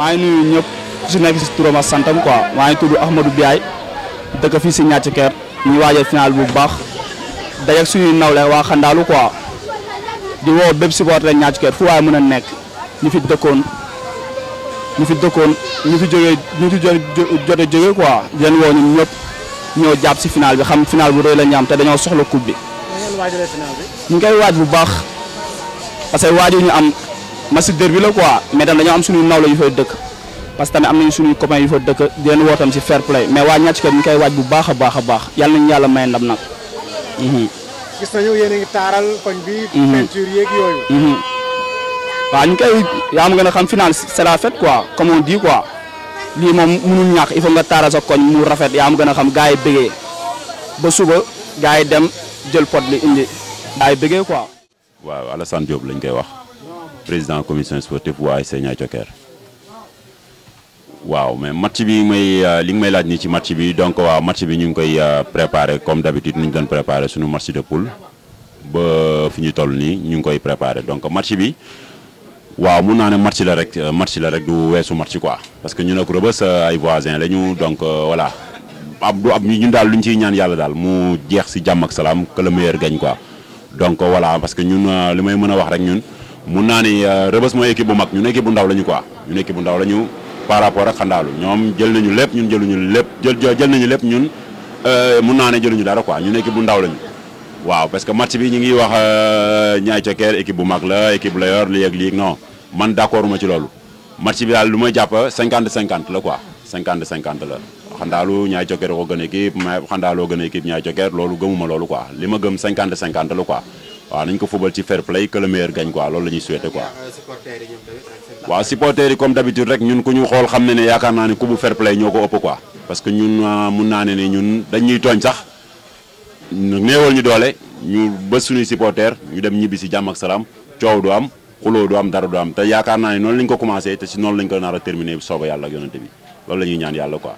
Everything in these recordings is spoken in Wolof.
maa ngi nuyu ñëpp su nekk si turam a santam quoi maa ngi tudd Ahmadou Biaye dëkk fii si Niathie Kër ñu waajal final bu baax dajeeg suñuy nawle waa Xandaalu quoi di woo bépp supporter Niathie Kër fu waaye mën a nekk ñu fi dëkkoon ñu fi dëkkoon ñu fi jógee ñu fi jote jógee quoi di leen woo ñun ñëpp ñoo jàpp si final bi xam final bu rëy la ñu am te dañoo soxla coupe bi. ñu ngi waaj bu baax parce waaj yu ñu am. match derby la quoi mais tam dañoo am suñuy nawla yu fay dëkk parce que tamit am nañu suñuy copains yu fa dëkk di leen woo tam si fair play mais waa ñàcc kër ñu koy a baax mhm. gis nañu yéen taaral koñ bi. Mhm. peinture yeeg mhm. waaw ñu koy yaa am gën a xam final c'est la fête quoi comme on dit quoi lii moom mënul ñàkk il faut nga taaral sa koñ mu rafet yaa am gën a xam gars yi bëggee ba suba gaa yi dem jël pot li indi gars yi bëggee quoi. waaw Alassane Diop lañ koy wax. président commission sportive bu ASC Niayes waaw mais match bi may euh, li nga may laaj ni ci match bi donc waaw match bi ñu ngi koy euh, préparé comme d'habitude ni ñu doon préparé suñu match de poule ba fi ñu toll nii ñu ngi koy préparé donc match bi waaw mun naa ne match la rek euh, match la rek du weesu match quoi parce que ñu nag Rebeuss ay voisins la ñu donc voilà ab du ab ñun daal lu ñu ciy ñaan yàlla daal mu jeex si jàmm ak salaam que le meilleur gagne donc voilà parce que ñun li may mën a wax rek ñun. mun naa ni euh, Rebeuss mooy équipe bu mag ñun équipe bu ndaw la ñu quoi ñun équipe bu ndaw la par rapport ak xandaalu ñoom jël nañu lépp ñun jëluñu lépp jël jël nañu lépp ñun euh, mun naa ne jëluñu dara quoi ñun équipe bu ndaw lañu waaw parce que match bi ñu ngi wax ñaay euh, cokeer équipe bu mag la équipe la yor lii ak lii non man d'accord ma ci loolu match bi daal lu ma jàpp 50 50 la quoi 50 50 la xandaalu ñaay cokeer ko gën équipe ma xandaaloo gën équipe ñaay loolu gëmuma loolu quoi li ma gëm 50 50 la quoi waaw nañ ko fubal ci fair play que le meilleur gagne quoi loolu la ñuy souhaité yi comme d'habitude rek ñun ku ñu xool xam ne ne yaakaar naa ne ku bu fair play ñoo ko ëpp quoi. parce que ñun ah, mun naa ne ne ñun dañ tooñ sax néewal ñu doole ñu bës suñuy supporters ñu dem ñibbi si jàmm ak salaam coow du am xuloo du am dara du am te yaakaar naa ne noonu lañ ko commencé te si noonu la ko nar a terminé sooba yàlla ak yonante bi loolu la ñuy ñaan yàlla quoi.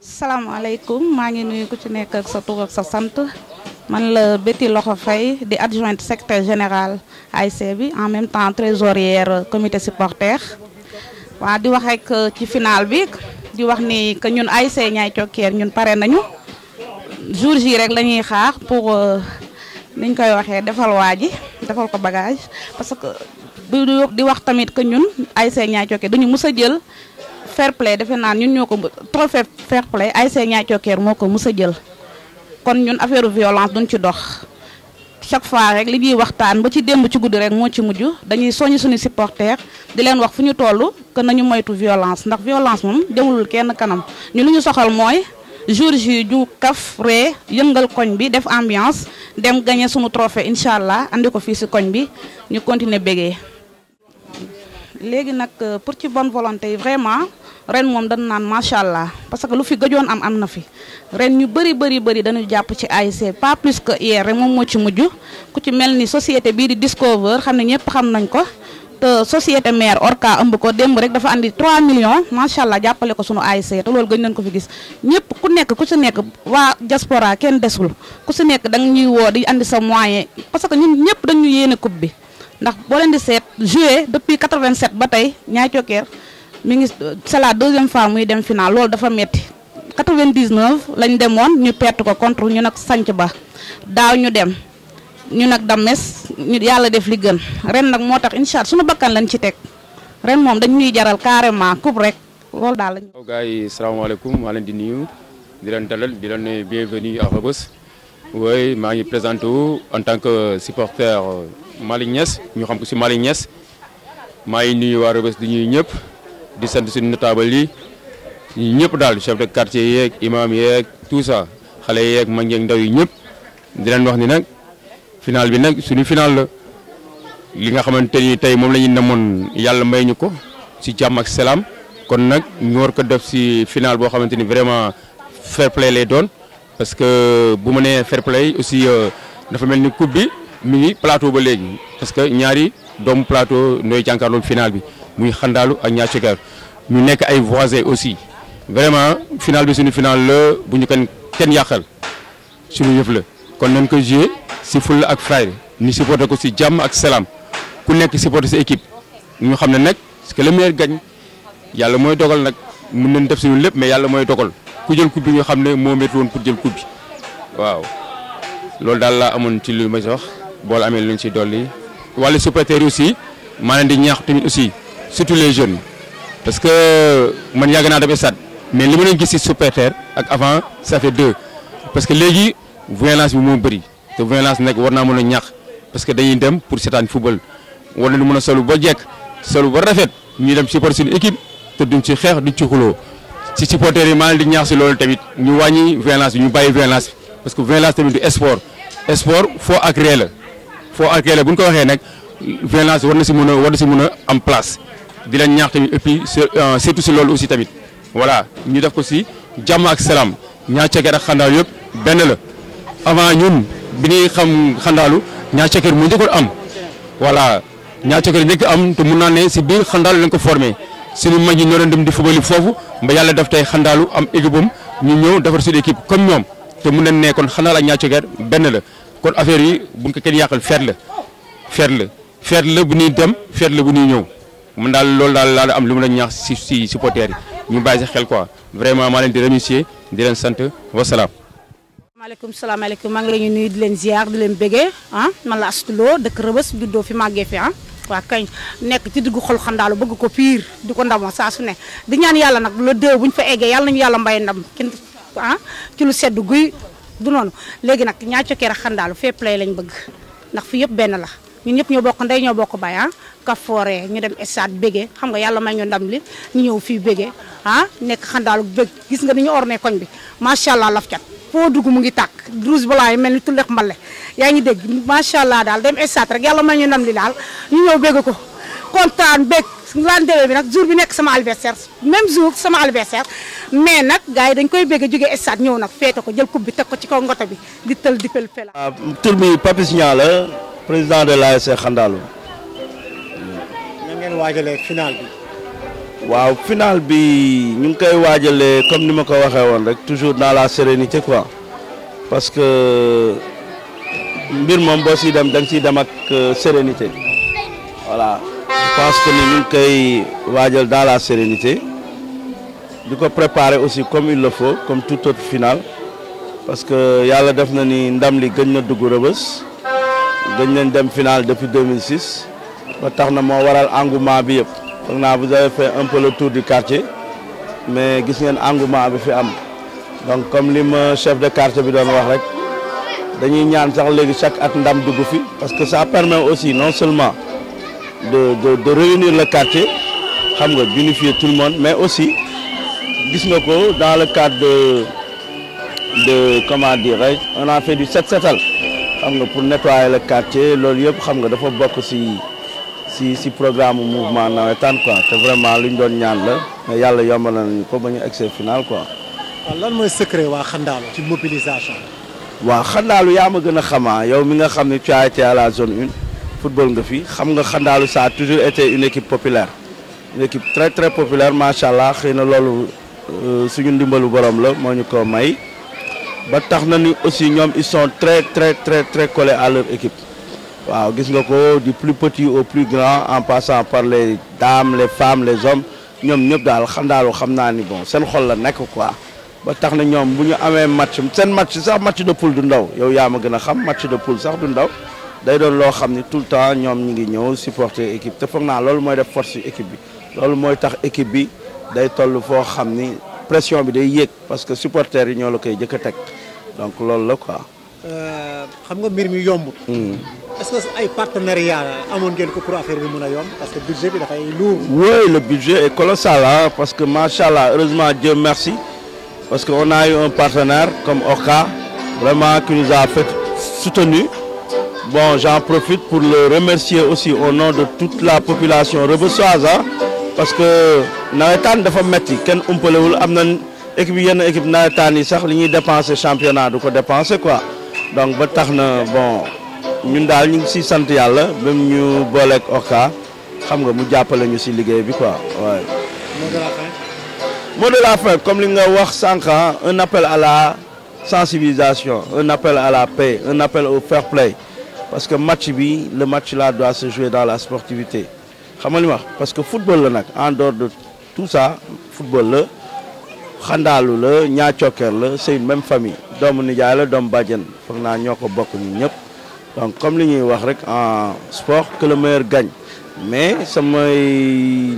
salaamaaleykum sa sa man la Betty Loxo Faye di adjointe secrétaire général ASC bi en même temps trésorière comité supporter waa di wax rek euh, ci final bi di wax ni que ñun ASC Niayes Thioker ñun pare nañu jour ji rek la ñuy xaar pour euh, niñ koy waxee defal waa ji defal ko bagage parce que di wax tamit que ñun ASC Niayes Thioker dañu mus a jël fair play defe naan ñun ñoo ko trophée fair play ASC Niayes Thioker moo ko mus a jël kon ñun affaire violence duñ ci dox chaque fois rek li ñuy waxtaan ba ci démb ci guddi rek moo ci mujj dañuy soññ suñu supporter di leen wax fu ñu toll que nañu moytu violence ndax violence moom demulul kenn kanam ñu li ñu soxal mooy jour ji ñu kaf ree yëngal koñ bi def ambiance dem gagné suñu trophée incha allah andi ko fii si koñ bi ñu continuer bégee léegi nag euh, pour ci bonne volonté yi vraiment ren moom dañu naan macha allah parce que lu fi gëjoon am am na fi ren ñu bëri bëri bëri dañu jàpp ci ASC pas plus que hier rek moom moo ci mujj ku ci mel ni société bii di Discover xam ne ñëpp xam nañ ko te société mère Orca ëmb ko démb rek dafa andi 3 millions macha allah jàppale ko sunu ASC te loolu gëj nañ ko fi gis ñëpp ku nekk ku ci nekk waa diaspora kenn desul ku si nekk da nga ñuy woo di andi sa moyen parce que ñun ñëpp dañu yéene coupe bi ndax boo leen di seet depuis 87 ba tey ñaay cokkeer mi ngi c'est la deuxième fois muy dem final loolu dafa metti 99 lañ demoon ñu petu ko contre ñu nag sanc ba daaw ñu dem ñu nag dames ñu yàlla def li ren nag moo tax incha allah suñu bakkan lañ ci teg ren moom dañ ñuy jaral carrément coupe rek loolu daal lañu waaw gars yi salaamaaleykum maa di nuyu di leen dalal di leen ne bienvenue à Rebeuss oui maa ngi présenté wu en tant que supporter Malick Niass ñu xam ko si Malick Niass maa ngi nuyu waa Rebeuss di ñuy ñëpp. di sant suñu notable yi ñëpp daal chef de quartier yeeg imam yeeg tout ça xale yeeg mag yeeg ndaw yi ñëpp di leen wax ni nag final bi nag suñu final la li nga xamante ni tey moom la namoon yàlla may ñu ko si jàmm ak selaam kon nag ñu ko def si final boo xamante ni vraiment fair play lay doon parce que bu ma nee fair play aussi euh, dafa mel ni coupe bi mi ngi plateau ba léegi parce que ñaari doomu plateau nooy jànkaarloo final bi. muy xandaalu ak ñaacegar ñu nekk ay voisins aussi vraiment final bi suñu final la bu ñu kenn kenn yàqal suñu yëf la kon nan ko jouer si fulla ak fayda ñu supporter ko si jàmm ak salaam ku nekk supporter sa équipe ñu xam ne nag parce que le meilleur gagne yàlla mooy dogal nag mën nañ def si suñu lépp mais yàlla mooy dogal ku jël ku bi nga xam ne moo métti woon pour jël coupe bi waaw loolu daal laa amoon ci lu ma wax bool amee lu ñu si dolli wàllu supporter aussi maa di ñaax tamit aussi. surtout les jeunes parce que man yàgg naa dem stade mais li ma leen gis si supporter ak avant ça fait deux parce que léegi violence bi moo bëri te violence nekk war naa mën a ñax parce que dañuy dem pour seetaan football war nañu mën a solu ba jekk solu ba rafet ñuy dem supporter suñu équipe te duñ ci xeex duñ ci xuloo si supporter yi maa leen di ñaax si loolu tamit ñu wàññi violence bi ñu bàyyi violence parce que violence tamit du sport sport foo ak ree la foo ak bu ñu ko waxee nag violence war na si mën a war si mën a am place di leen ñaax tamit et euh, si loolu aussi tamit voilà ñu def ko si jàmm ak salaam ñaar ceker ak xandaalu yëpp benn la avant ñun bi ñuy xam xandaalu ñaar ceker mu njëkkoon am voilà ñaar ceker njëkk am te mun naa ne si biir xandaalu lañ ko formé suñu mag ñi ñoo doon dem di fubali foofu ba yàlla def tey xandaalu am équipe am ñu ñëw defar suñu équipe comme ñoom te mun nañ ne kon xandaal ak ceker benn la kon affaire yi buñ ko kenn yàqal feet la feet la feet la bu ñuy dem feet la bu ñuy ñëw. mun daal loolu daal laa am lu mu la ñaax si si supporters yi ñu bàyyi si xel quoi vraiment maa leen di remercier di leen sant wasalaam. maaleykum salaam maaleykum maa ngi leen di nuyu di leen ziar di leen bégee ah man la Astou Lo dëkk Rëbës juddoo fi màggee fi ah. waa kañ nekk ci diggu xol xandaalu bëgg ko piir di ko ndamoo saa su ne di ñaan yàlla nag le deux bu ñu fa eggee yàlla nañu yàlla mbay ndam kenn ah ci lu sedd guy du noonu léegi nag ñaa cokkeer ak xandaalu fépp lay lañ bëgg ndax fi yëpp benn la ñun ñëpp ñoo bokk ndey ñoo bokk bay ah ka foore ñu dem stade bége xam nga yàlla may ñu ndam li ñu ñëw fii bége ah nekk xandaalu bég gis nga ni ñu orné bi macha allah laf cat foo dugg mu ngi tàkk rouge blanc yi mel ni tulleek yaa ngi dégg macha allah daal dem stade rek yàlla may ñu ndam li daal ñu ñëw bége ko kontaan bég landewee bi nag jur bi nekk sama anniversaire même jour sama anniversaire mais nag gars yi dañ koy bégg jógee stade ñëw nag feete ko jël coupe bi teg ko ci kaw ngoto bi di tël di pel pel tur bi Papis président de l'ASC Xandaalu. nan ngeen waajalee final bi. waaw final bi ñu ngi koy waajalee comme ni ma ko waxee woon rek toujours dans la sérénité quoi parce que mbir moom boo siy dem da nga dem ak euh, sérénité voilà je que ni ñu ngi koy waajal dans la sérénité di ko préparer aussi comme il le faut comme tout autre final parce que yàlla def na ni ndam li gën na dugg rëbës. dañ leen dem finale depuis 2006 ba tax na moo waral engouement bi yëpp foog naa vous avez fait un peu le tour du quartier mais gis ngeen engouement bi fi am donc comme li ma chef de quartier bi doon wax rek dañuy ñaan sax léegi chaque at ndam dugg fi parce que ça permet aussi non seulement de de de réunir le quartier xam nga d'unifier tout le monde mais aussi gis nga ko dans le cadre de de comment dirais-je on a fait du set setal xam nga pour nettoyer le quartier loolu yëpp xam nga dafa bokk si si si programme mouvement nawetaan quoi te vraiment lu ñu doon ñaan la mais yàlla yombal nañu ko ba ñu egg final quoi. waaw lan mooy secret waa Xandaalu ci mobilisation. waaw Xandaalu yaa ma gën a xamaa yow mi nga xam ne tu été à la zone une football nga fi xam nga Xandaalu ça a toujours été une équipe populaire une équipe très très populaire macha allah xëy na loolu euh, suñu ndimbalu borom la moo ñu ko may. ba tax na ni aussi ñoom ils sont très très très très collés à leur équipe waaw gis nga ko du plus petit au plus grand en passant par les dames les femmes les hommes ñoom ñëpp daal xam daal xam naa ni bon seen xol la nekk quoi ba tax na ñoom bu ñu amee match seen match sax match de poule du ndaw yow yaa ma gën a xam match de poule sax du ndaw day doon loo xam ni tout le temps ñoom ñu ngi ñëw supporter équipe te foog naa loolu mooy def force équipe bi loolu mooy tax équipe bi day toll foo xam ni pression bi day yéeg parce que supporters yi ñoo la koy jëkk a teg donc loolu la quoi. Euh, xam nga mbir mi yombut. Hmm. ay partenariat amoon ngeen ko pour affaire bi mën a yomb parce que bi dafay lourd. le budget est colossal parce que macha allah heureusement Dieu merci parce que on a eu un partenaire comme Orca vraiment qui nous a fait soutenu j'en profite pour le remercier aussi au nom de toute la population rebeusoise parce que nawetaan dafa metti kenn umpalewul am na. équipe yenn équipe nawetaan yi sax li ñuy dépenser championnat du ko dépenser quoi donc ba tax na bon ñun daal ñu ngi siy sant yàlla même ñu booleeg Orca xam nga mu jàppale ñu si liggéey bi quoi waaye. mot de la fin. mot de la fin comme li nga wax sànq ah, un appel à la sensibilisation un appel à la paix un appel au fair play parce que match bi le match la doit se jouer dans la sportivité xam nga li ma wax parce que football la nag en dehors de tout ça la. xandaalu la ñaa cokkeer la c'est une même famille doomu nijaay la doomu bàjjen foog naa ñoo ko bokk ñu ñëpp donc comme li ñuy wax rek en sport que gañ mais samay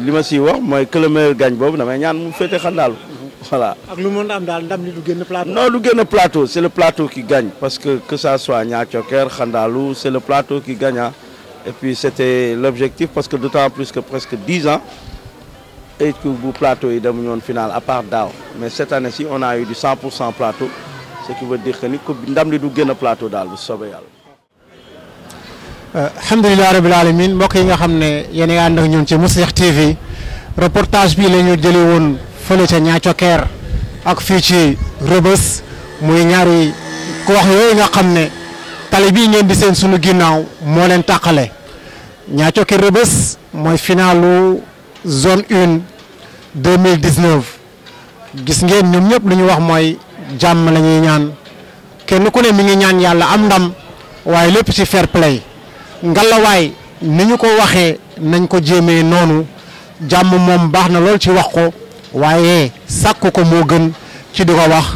li ma si wax mooy que le meilleur gagne boobu damay ñaan mu féete xandaalu voilà ak lu mën a am daal ndam li du génn plateau. non du génn plateau c'est le plateau ki gagne parce que que ça soit ñaa cokkeer xandaalu c'est le plateau qui gagne et puis c'était l'objectif parce que d'autant plus que presque dix ans tey bu plateau yi demuñu woon final à part daaw mais cette année ci a eu du 100 pour cent plateau ce qui veut dire que ni coupe ndam li a euh, alamin mbokk nga xam ne yéen a ànd ak ñun ci Moustikh TV reportage bi la ñu jëlee woon fële ca Niacoker ak fii ci Rebeuss muy ñaari ko wax yooyu nga xam ne tali bii ngeen di seen sunu ginnaaw moo leen tàqale Niacoker Rebeuss mooy finalu zone une 2019 gis ngeen ñoom ñëpp lu ñu wax mooy jàmm la ñaan kenn ku ne mi ngi ñaan yàlla am ndam waaye lépp ci fair play ngalawaay ni ñu ko waxee nañ ko jéemee noonu jàmm moom baax na lool ci wax ko waaye sàkk ko moo gën ci du ko wax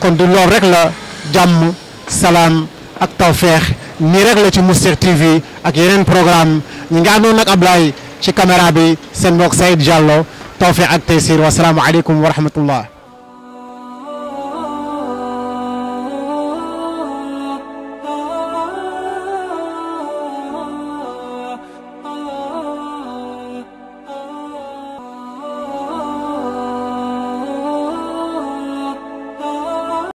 kon du lool rek la jàmm salaan ak tawfeex nii rek la ci Moustir TV ak yeneen programme ñi nga àndoon nag Ablaye ci caméra bi seen mbokk Saïd Diallo tawfiq ak taysir wa salaamu aleykum wa rahmatullah